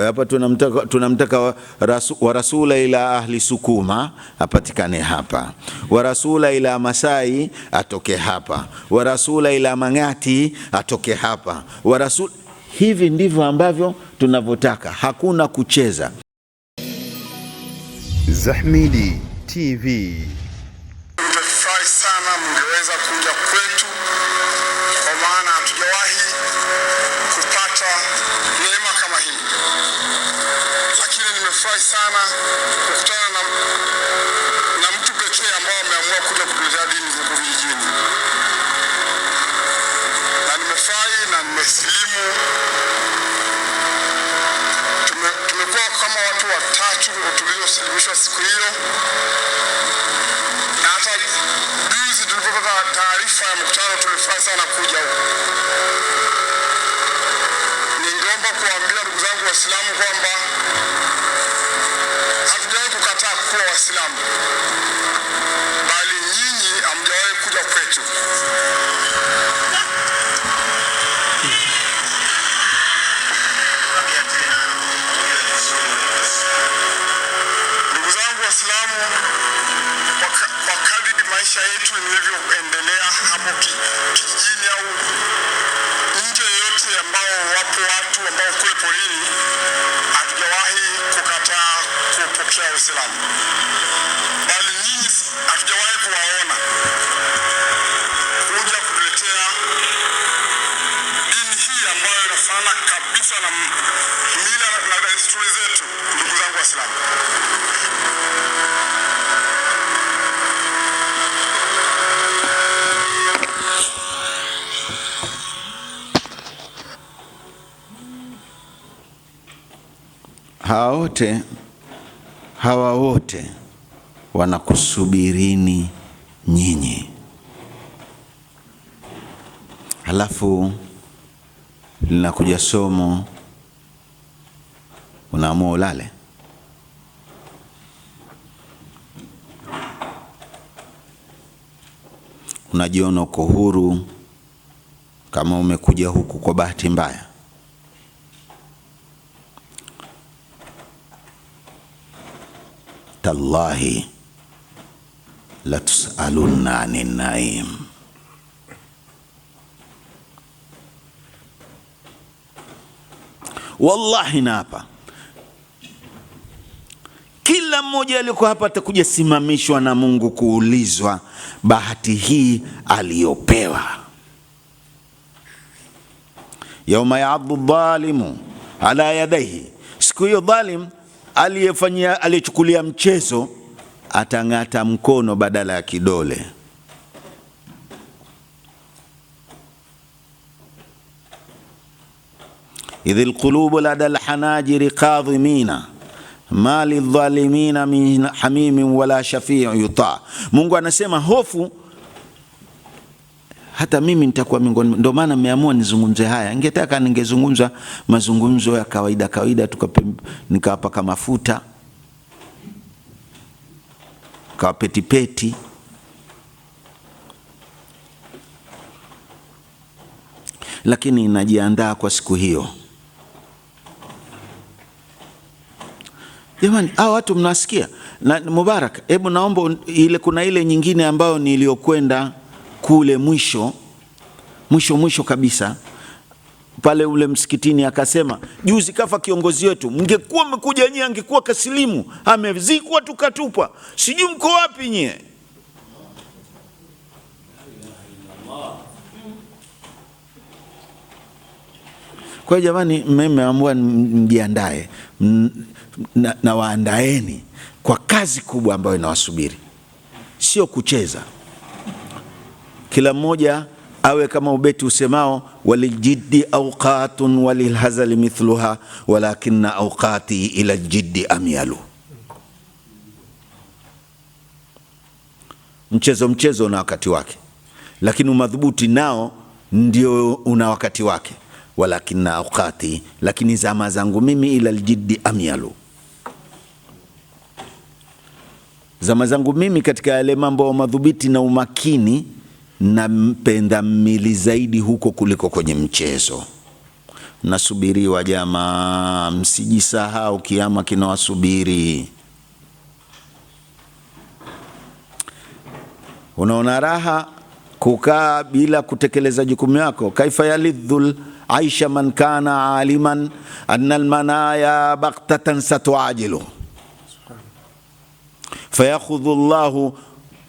Hapa tunamtaka, tunamtaka wa, rasula ila ahli Sukuma apatikane hapa, wa rasula ila Masai atoke hapa, wa rasula ila Mang'ati atoke hapa, wa rasul. Hivi ndivyo ambavyo tunavyotaka, hakuna kucheza. Zahmidi TV nimefurahi sana kukutana na, na mtu pekee ambaye ameamua kuja kutuletea dini huku vijijini, na nimefurahi na nimesilimu. Tume, tumekuwa kama watu watatu tuliosilimishwa siku hiyo, na hata juzi tulipopata taarifa ya mkutano tulifurahi sana kuja huku. Ningeomba kuwaambia ndugu zangu Waislamu kwamba kijijini au nje yote ambao wapo watu ambao kule porini, hatujawahi kukataa kupokea Uislamu, bali nyinyi hatujawahi kuwaona kuja kutuletea dini hii ambayo inafanana kabisa na mila na desturi zetu, ndugu zangu Waislamu. hawa wote hawa wote wanakusubirini nyinyi. Halafu linakuja somo, unaamua ulale. Unajiona uko huru, kama umekuja huku kwa bahati mbaya. tallahi latusalunna ani naim. Wallahi, na hapa kila mmoja aliyekuwa hapa atakuja simamishwa na Mungu kuulizwa bahati hii aliyopewa. Yauma yaadhu dhalimu ala yadaihi, siku hiyo dhalimu aliyefanyia aliyechukulia mchezo atang'ata mkono badala ya kidole. idh lqulubu lada lhanajiri kadhimina ma lidhalimina min hamimin wala shafiu yuta. Mungu anasema hofu hata mimi nitakuwa miongoni. Ndio maana nimeamua nizungumze haya. Ningetaka ningezungumza mazungumzo ya kawaida kawaida, nikawapaka mafuta, kawapetipeti, lakini najiandaa kwa siku hiyo. Jamani, hao watu mnawasikia na Mubarak, hebu naomba ile, kuna ile nyingine ambayo niliyokwenda kule mwisho mwisho mwisho kabisa pale ule msikitini, akasema juzi kafa kiongozi wetu, mngekuwa mmekuja nyie angekuwa kasilimu, amezikwa tukatupwa, sijui mko wapi nyie. Kwa hiyo jamani, mmeamua mjiandae na, na waandaeni kwa kazi kubwa ambayo inawasubiri, sio kucheza kila mmoja awe kama ubeti usemao walijiddi auqatun walilhazali mithluha walakinna auqati ila jiddi amyalu. Mchezo mchezo una wakati wake, lakini umadhubuti nao ndio una wakati wake. Walakinna auqati, lakini zama zangu mimi, ila ljiddi amyalu, zama zangu mimi katika yale mambo ya na umakini napenda mmili zaidi huko kuliko kwenye mchezo. Nasubiriwa jamaa, msijisahau, kiama kinawasubiri. Unaona raha kukaa bila kutekeleza jukumu yako. kaifa yalidhul aisha man kana aliman anna almanaya baghtatan satuajilu fayakhudhu llahu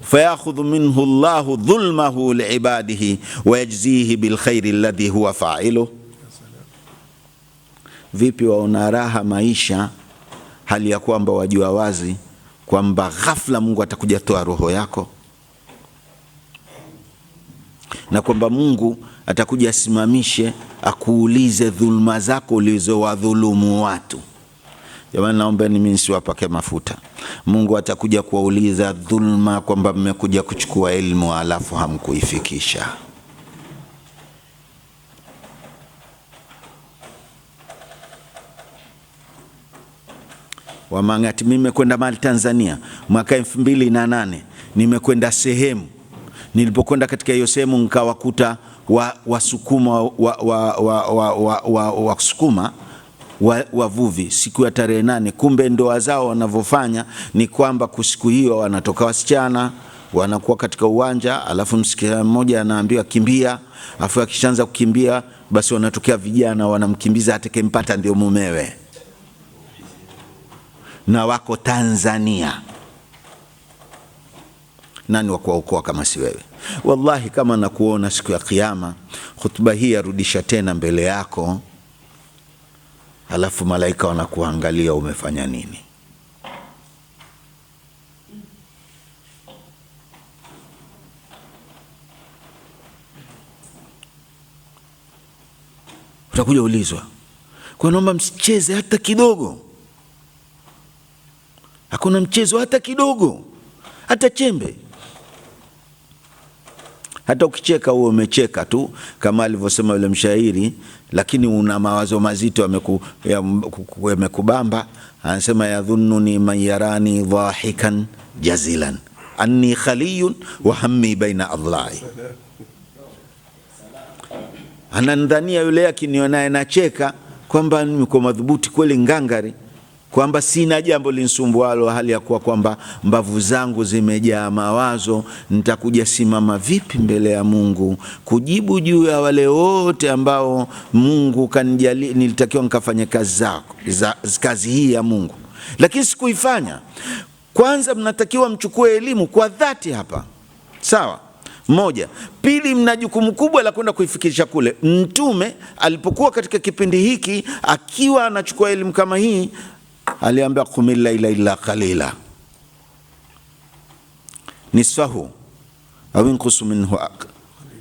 fayakhudhu minhu llahu dhulmahu liibadihi wayajzihi bilkhairi alladhi huwa failu. Vipi waona raha maisha hali ya kwamba wajua wazi kwamba ghafla Mungu atakuja toa roho yako na kwamba Mungu atakuja asimamishe akuulize dhulma zako ulizowadhulumu watu Jamani, naombeni mimi nisiwapake mafuta. Mungu atakuja kuwauliza dhulma kwamba mmekuja kuchukua elimu alafu hamkuifikisha. Wamang'ati, mimi nimekwenda mali Tanzania mwaka elfu mbili na nane nimekwenda sehemu nilipokwenda katika hiyo sehemu nikawakuta wasukuma wa, wa, wa, wa, wa, wa, wa, wa, wa, wa, wavuvi wa siku ya tarehe nane. Kumbe ndoa zao wanavyofanya ni kwamba siku hiyo wanatoka wasichana wanakuwa katika uwanja, alafu msichana mmoja anaambiwa kimbia, afu akishaanza kukimbia basi wanatokea vijana wanamkimbiza, atakempata ndio mumewe, na wako Tanzania. Nani wa kuwaokoa kama si wewe? Wallahi, kama nakuona siku ya Kiyama, hutuba hii yarudisha tena mbele yako halafu malaika wanakuangalia umefanya nini. Utakuja ulizwa, kwa naomba msicheze hata kidogo. Hakuna mchezo hata kidogo, hata chembe. Hata ukicheka huo umecheka tu, kama alivyosema yule mshairi, lakini una mawazo mazito yamekubamba. Anasema yadhununi man yarani dhahikan jazilan anni khaliyun wa hammi baina adlai anandhania yule akinionaye nacheka kwamba niko madhubuti kweli ngangari kwamba sina jambo linsumbualo, hali ya kuwa kwamba mbavu zangu zimejaa mawazo. Nitakuja simama vipi mbele ya Mungu kujibu juu ya wale wote ambao Mungu kanijali, nilitakiwa nikafanye kazi zako, za, kazi hii ya Mungu lakini sikuifanya. Kwanza mnatakiwa mchukue elimu kwa dhati hapa, sawa moja. Pili, mna jukumu kubwa la kwenda kuifikisha kule. Mtume alipokuwa katika kipindi hiki akiwa anachukua elimu kama hii aliambia qumi llaila illa qalila nisfahu au inkusu minhu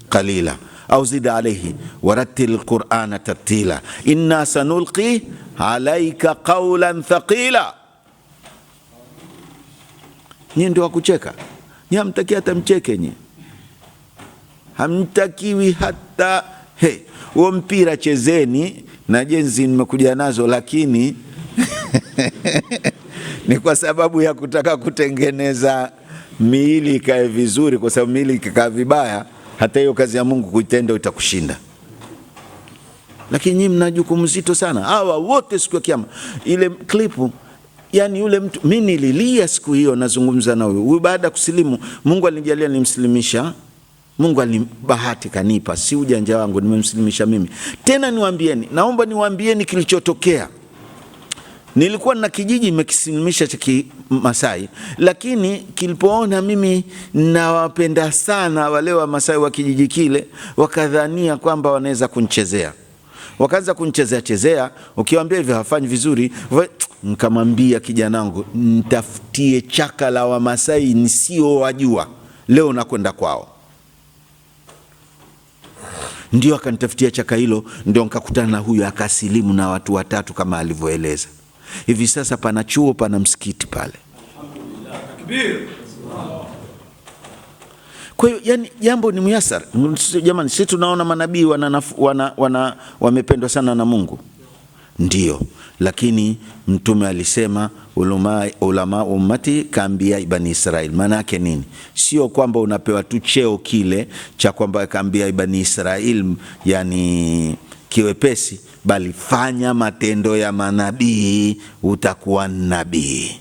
qalila au zid alayhi warattil qur'ana tartila inna sanulqi alaika qawlan thaqila. Nyie ndio wakucheka nyie, hamtaki hata mcheke nyie, hamtakiwi hata he huo mpira chezeni na jenzi nimekuja nazo lakini ni kwa sababu ya kutaka kutengeneza miili ikae vizuri, kwa sababu miili ikikaa vibaya, hata hiyo kazi ya Mungu kuitenda itakushinda. Lakini nyinyi mna jukumu zito sana, hawa wote siku ya Kiyama. Ile klipu yani yule mtu mimi nililia siku hiyo, nazungumza na huyu huyu. Baada ya kusilimu, Mungu alinijalia nimsilimisha Mungu alibahati kanipa, si ujanja wangu, nimemsilimisha mimi. Tena niwaambieni, naomba niwaambieni kilichotokea Nilikuwa na kijiji nimekisilimisha cha Kimasai, lakini kilipoona mimi nawapenda sana wale wa Masai wa kijiji kile, wakadhania kwamba wanaweza kunchezea wakaanza kunchezea chezea, ukiwaambia hivyo hafanyi vizuri. Nikamwambia kijanangu, nitafutie chaka la Wamasai nisiowajua, leo nakwenda kwao. Ndio akanitafutia chaka hilo, ndio nikakutana na huyo, akasilimu na watu watatu kama alivyoeleza. Hivi sasa pana chuo, pana msikiti pale. Kwa hiyo yani, jambo ni muyasara Jamani, sisi tunaona manabii wana, wana, wana, wamependwa sana na Mungu ndio, lakini Mtume alisema ulama, ulama ummati kaambia ibani Israel. Maana yake nini? Sio kwamba unapewa tu cheo kile cha kwamba kaambia ibani Israel, yani kiwepesi bali fanya matendo ya manabii, utakuwa nabii.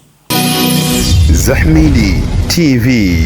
Zahmidi TV.